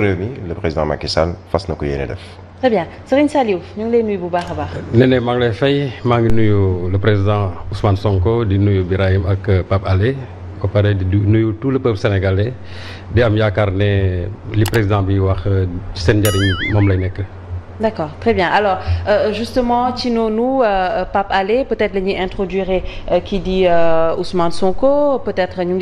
bisu le président Macky Sall fas na ko yéene def. très bien Serigne Saliou ñu ngi lay nuyu bu baax a baax. Néné maa ngi lay fay maa nuyu le président Ousmane Sonko di nuyu Birahim ak euh, Pape Alé ba pare di nuyu tout le peuple sénégalais di am yaakaar ne li président bi wax euh, seen njëriñ moom lay nekk. D'accord, très bien. Alors, euh, justement, Tino, nous, euh, euh, Pape Allé, peut-être l'année introduire qui dit Ousmane Sonko, peut-être nous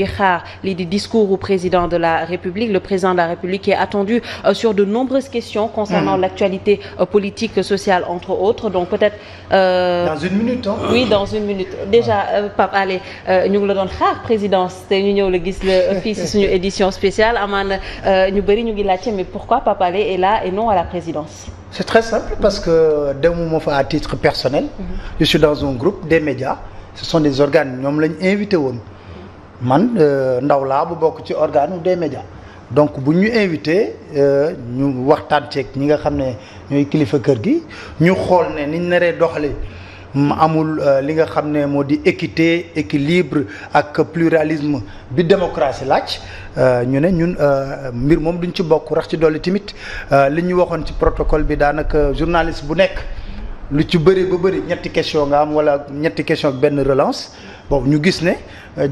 l'idée discours au président de la République, le président de la République est attendu sur de nombreuses questions concernant hmm. l'actualité politique, sociale, entre autres. Donc, peut-être. dans une minute, hein Oui, dans une minute. Déjà, Pape Allé, nous le donne la présidence, c'est le le fils, une édition spéciale. Aman, mais pourquoi Pape Allé est là et non à la présidence c'est très simple parce que d'un moment à titre personnel, mhm. je suis dans un groupe des médias. Ce sont des organes, nous l'avons invité. Man, euh, ndaw laa bu bokk ci organe des médias. donc si nous invité euh, ñu nous ceeg ñi nga xam nous ñooy kilifa kër gi nous xool ne niñ naree doxalee amul euh, li nga xamné modi équité équilibre ak pluralisme bi démocratie lacc euh, ñu ne ñun euh, mbir mom duñ ci bokk rax ci doli timit li ñu waxon ci protocole bi danaka journaliste bu nekk lu ci bëri ba bëri ñetti question nga am wala ñetti question ak relance bon ñu gis né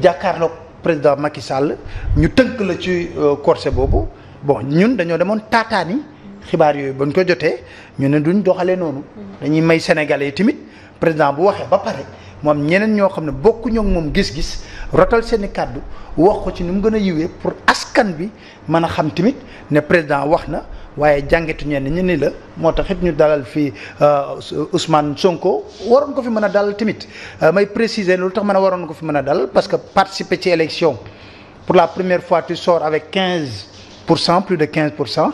jakarlo président Macky Sall ñu teunk la ci corset bobu bon ñun dañu demoon tatani xibaar yooyu ba ñu ko jotee ñu ne duñ doxalee noonu. dañuy may sénégalais yi tamit président bu waxee ba pare moom ñeneen ñoo xam ne bokkuñu ak moom gis-gis rotal seen i kàddu wax ko ci ni mu gën a yiwee pour askan bi mën a xam tamit ne président wax na waaye jàngetu ñenn ñu ni la moo tax ñu dalal fi euh, Ousmane Sonko waroon ko fi mën a dalal tamit euh, may préciser loolu tax mën a waroon ko fi mën a dalal parce que participer ci élection pour la première fois tu sors avec 15 pour plus de 15 pour cent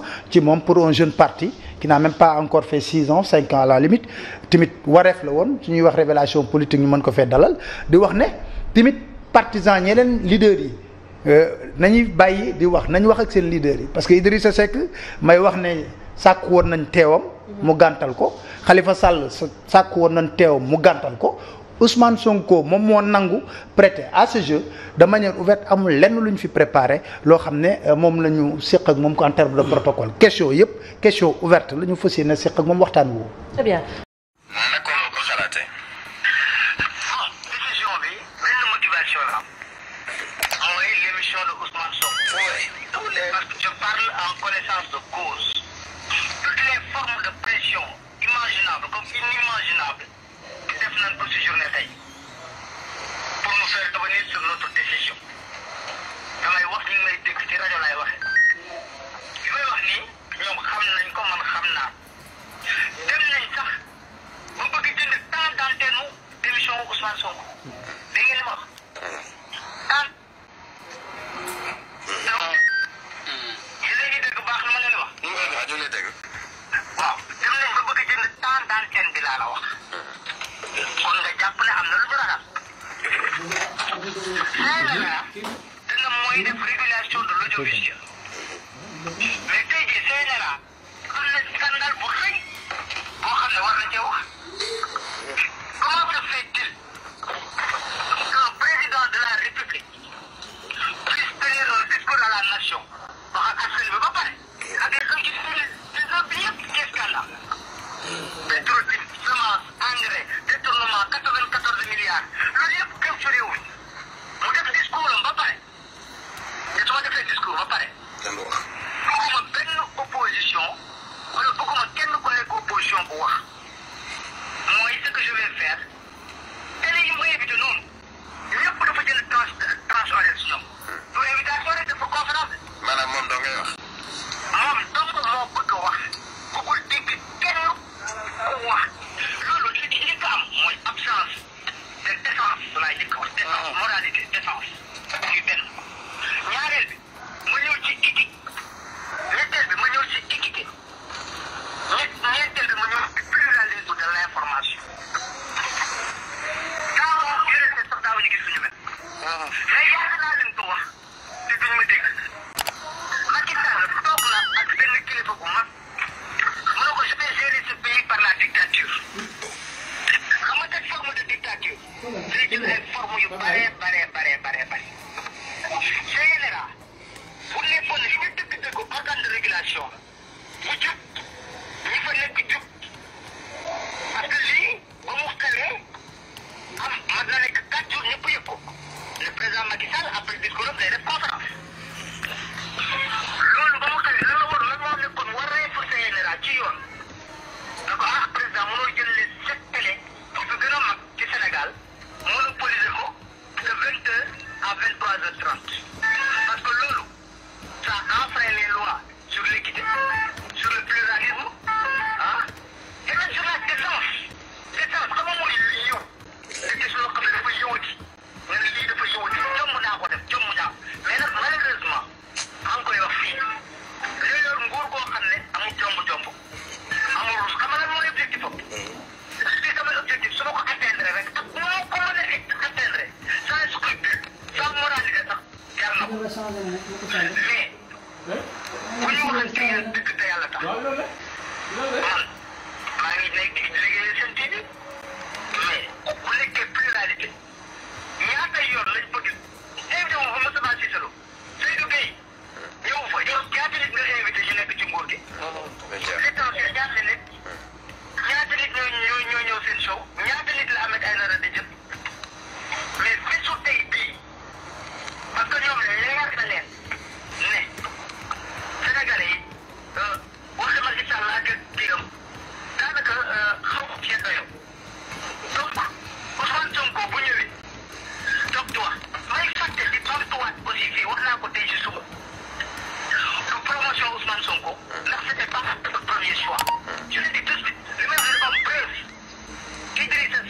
pour un jeune parti qui n'a même pas encore fait six ans cinq ans à la limite tamit wareef la woon su ñuy wax révélation politique ñu mën ko fee dalal di wax ne tamit partisan ñeneen leaders yi euh, nañuy bàyyi di wax nañ wax ak seen leaders yi parce que Idrissa Seck may wax ne sàkk woon nañ teewam mu gàntal ko Khalifa Sall sàkk woon nañ teewam mu gàntal ko Ousmane Sonko moom moo nangu prêté à ce jeu de manière ouverte amul lenn luñ fi préparé lo xamné mom lañu sékk ak mom ko en terme de protocole question yëpp question ouverte lañu fassiyé fas yéene ak mom waxtaan wo très bien. toutes les formes de pression imaginables comme inimaginables nañ ko si journée tey pour nous faire revenir sur notre décision wax ñu ngi may dégg ci rajo laay waxee li may wax nii ñoom xam nañ ko man xam naa ഇത് free ലാസ്റ്റുകൊണ്ടുള്ള ചോദിക്കുക message സേനറ കണ്ടാൽ ബുറി ഓഹല്ല വർണ്ണ ചോഹ нашего.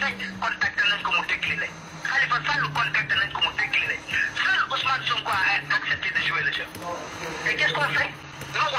hay, contáctenos como usted quiere. Jalifa Salud, contáctenos como usted quiere. Sir Usman Sonko ha accepté de jouer le jeu. Et qu'est-ce qu'on fait Nous,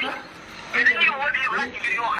你有我也有，让你就用。